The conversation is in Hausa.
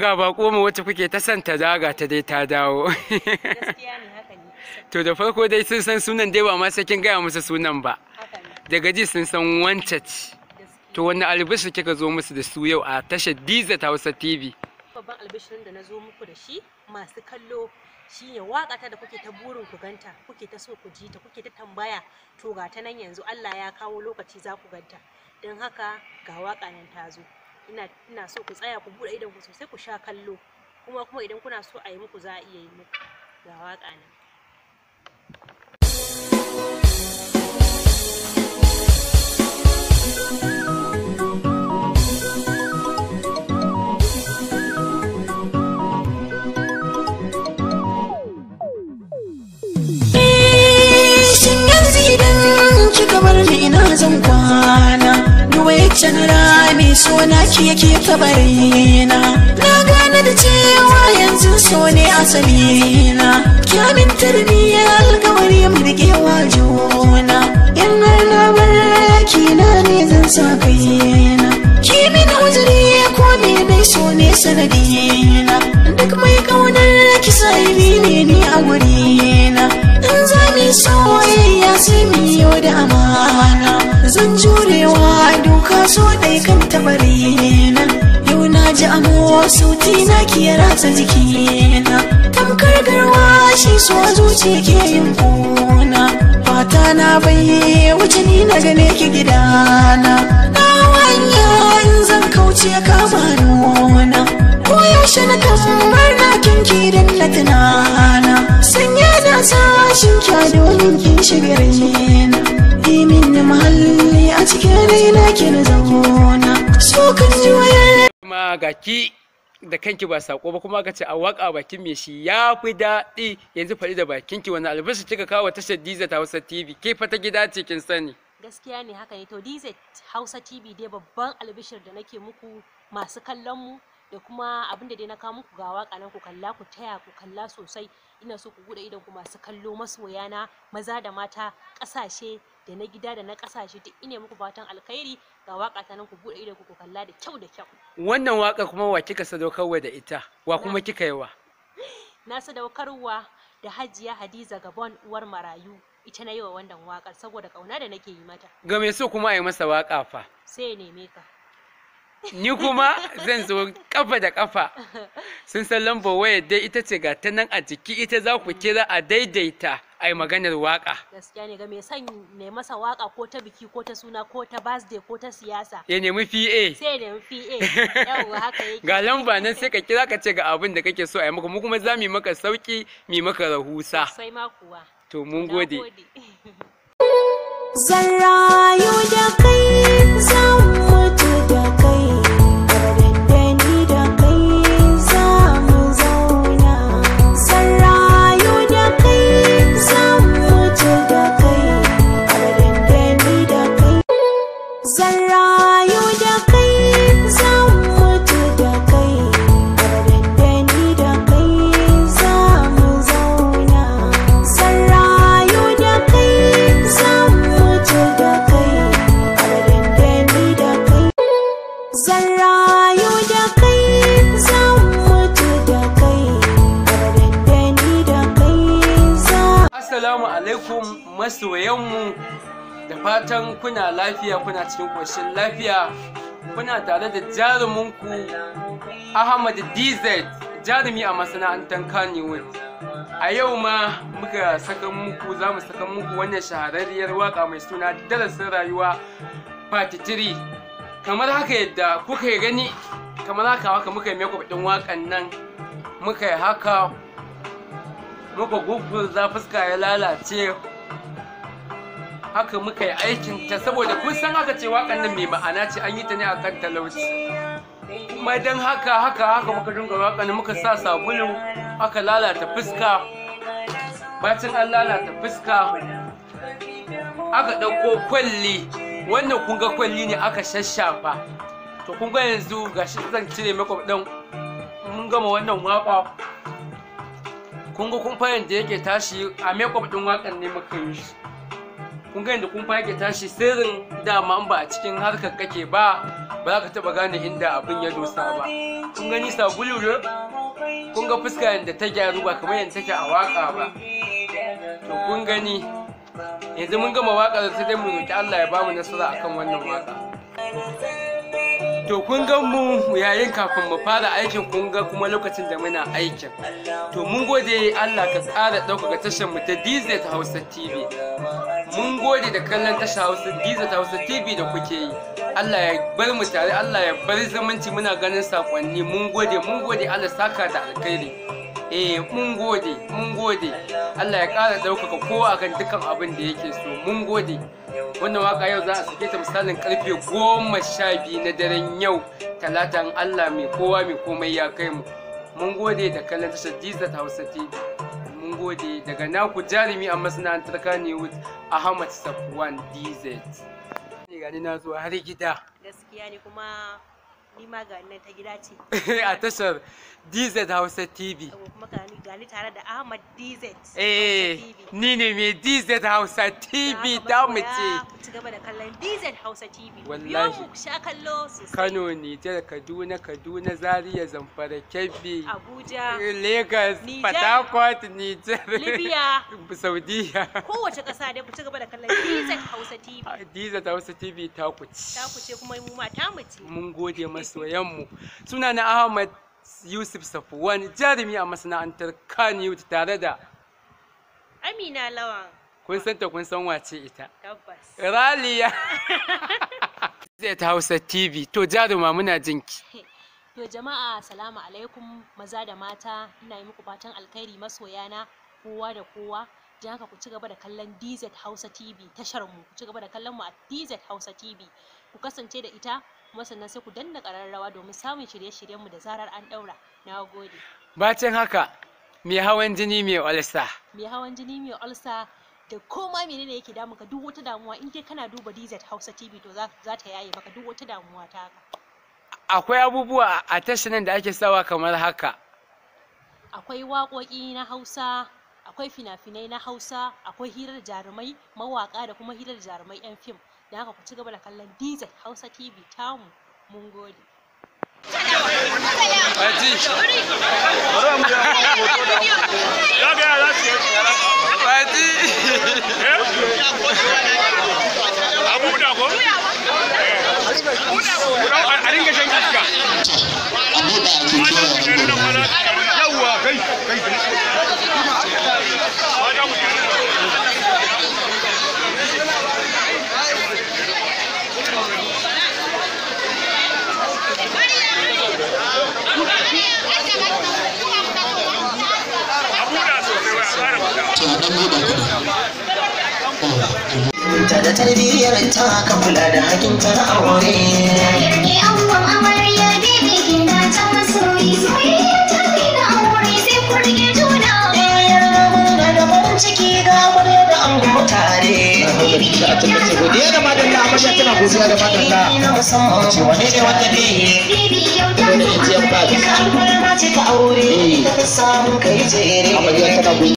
ga bako mu wacce kuke ta san ta daga ta dai ta dawo to da farko dai sun san sunan dai ba ma sai kin gaya musu sunan ba daga ji sun san wancan ci to wani albishir kika zo musu da su yau a tashar Diza ta Hausa TV babban albishirin da na zo muku da shi masu kallo shine waka ta da kuke ta burin ku ganta kuke ta so ku ji ta kuke ta tambaya to ga ta nan yanzu Allah ya kawo lokaci za ku ganta don haka ga waka nan ta zo ina ina so ku tsaya ku bude idan ku sosai ku sha kallo kuma kuma idan kuna so a yi muku za a iya yi muku ga waka nan eh, Shin yanzu idan kika bar ina zan kwana akwai can rami suna ki yake kabarina na gane da cewa yanzu so ne asalina kyamin tarbiyya alkawari mu rikewa juna in har na bar na ne zan sa kaina min uzuri ko ne dai so ne sanadina duk mai kaunar kisa ne ni a wuri. sauti na ki ya ratsa jikina tamkar garwashi so zuci ke yin kuna fata na baye wuce ni na gane ki gidana na wanya zan kauce kama nuna ko yaushe na bar na kinki dan na tunana sanya na sashin kya domin kin shigar na imin na mahalli a cikin raina ki na zauna so kan ji wayar ma ga ki da kanki ba sako ba kuma aka ce a waka bakin me shi ya fi daɗi yanzu faɗi da bakinki wani albasa kika kawo tashar Dizet Hausa TV ke fata gida ce kin sani gaskiya ne haka ne to Dizet Hausa TV dai babban albishir da nake muku masu kallon mu da kuma abin da dai na kawo muku ga waka nan ku kalla ku taya ku kalla sosai ina so ku gude idan ku masu kallo masoya na maza da mata ƙasashe da na gida da na kasashe duk ina muku fatan alkhairi ga waka ta nan ku gude idan ku kalla da kyau da kyau wannan waka kuma wa kika kawai da ita wa kuma kika yi wa na sadaukarwa da hajiya hadiza gabon uwar marayu ita na yi wa wannan waƙar, saboda kauna da nake yi mata ga me so kuma a yi masa waka fa sai neme ka ni kuma zan zo kafa da kafa sun san lambo waya dai ita ce ga ta nan a jiki ita za ku kira a daidaita yi maganar waka gaskiya ne ga mai son ne masa waka ko ta biki ko ta suna ko ta birthday ko ta siyasa ya nemi a. sai ya nemi PA yawa haka yake ga lamba nan sai ka kira ka ce ga abin da kake so yi maka mu kuma za mu maka sauki mu maka rahusa sai ma kuwa to mun gode zan rayu da kai zan alaikum masoyanmu da fatan kuna lafiya kuna cikin ƙoshin lafiya kuna tare da jaruminku Ahmad DZ jarumi a masana'antar Kannywood. A yau ma muka saka muku za mu saka muku wannan shahararriyar waka mai suna darasin rayuwa fati-3 kamar haka yadda kuka gani kamar haka haka muka yi makeup wakan nan muka yi haka muka za fuska ya lalace haka muka yi aikin ta saboda kun san haka ce wakan nan mai ma'ana ce an yi ta ne a kan talauci kuma dan haka haka haka muka dinga wakan muka sa sabulu aka lalata fuska bacin an lalata fuska aka ɗauko kwalli wannan kun ga kwalli ne aka shashafa to kun ga yanzu gashi zan cire muku ɗan mun gama wannan waƙa kun ga kumfa yadda yake tashi a makeup din wakan ne muka yi shi kun ga yadda kumfa yake tashi sirrin dama in ba a cikin harkar kake ba ba za ka taba gane inda abin ya dosa ba kun gani sabulu ne kun ga fuska yadda ta gyaru ba kamar yadda take a waka ba to kun gani yanzu mun gama waka sai dai mu Allah ya bamu nasara akan wannan waka to kun ga mu yayin kafin mu fara aikin kun ga kuma lokacin da muna aikin to mun gode Allah ka tsara ɗaukaka tashar mu ta DZ Hausa TV mun gode da kallon tashar Hausa DZ Hausa TV da kuke yi Allah ya bar mu tare Allah ya bar zamanci muna ganin sakonni mun gode mun gode Allah saka da alkhairi eh mun gode mun gode Allah ya ƙara ɗaukaka kowa kan dukkan abin da yake so mun gode wannan waka yau za a sake ta misalin karfe goma sha biyu na daren yau Talata in Allah mai kowa mai komai ya kai mu mun gode da kallon tashar Dizat Hausa TV mun gode daga naku jarumi a masana'antar Kannywood Ahmad Safwan DZ. Gani na zuwa har gida. Gaskiya ne kuma a tashar DZ Hausa TV kuma ni da Ahmad DZ eh ni ne mai DZ Hausa TV da mu ce ci gaba da Kano Nijar Kaduna Kaduna Zaria Zamfara Kebbi Abuja Lagos Port Nijar Libya Saudiya kowace kasa dai ku gaba da kallon DZ Hausa TV ta ku ci ta mu ma ta mun gode masa masoyanmu suna na ahmad yusuf safuwan jarumi a masana'antar kanyut tare da amina lawan kun san ta kun san wace ita raliya zai ta hausa tv to jaruma muna jinki to jama'a salamu alaikum maza da mata ina yi muku fatan alkhairi masoyana kowa da kowa Jan haka ku ci gaba da kallon DZ Hausa TV tashar mu ku ci gaba da kallon mu a DZ Hausa TV ku kasance da ita kuma sannan sai ku danna kararrawa domin samun shirye-shiryenmu da zarar an ɗaura na gode bacin haka mai hawan jini mai olsa mai hawan jini mai olsa da koma menene yake ka duk wata damuwa in dai kana duba DZ Hausa TV to za ta yaye maka duk wata damuwa ta haka akwai abubuwa a nan da ake sawa kamar haka akwai waƙoƙi na Hausa akwai fina-finai na Hausa akwai hirar jarumai mawaƙa da kuma hirar jarumai 'yan fim da haka ku ci gaba da kallon dj hausa tv tamu mun gode ta da tarbiyyar ta ka kula da hakin ta na aure ni awon amarya bibi gina ta masoyi soyayya ta kai aure sai da ciki ga da ango tare da da na musamman ce ne aure eh. ta samu kai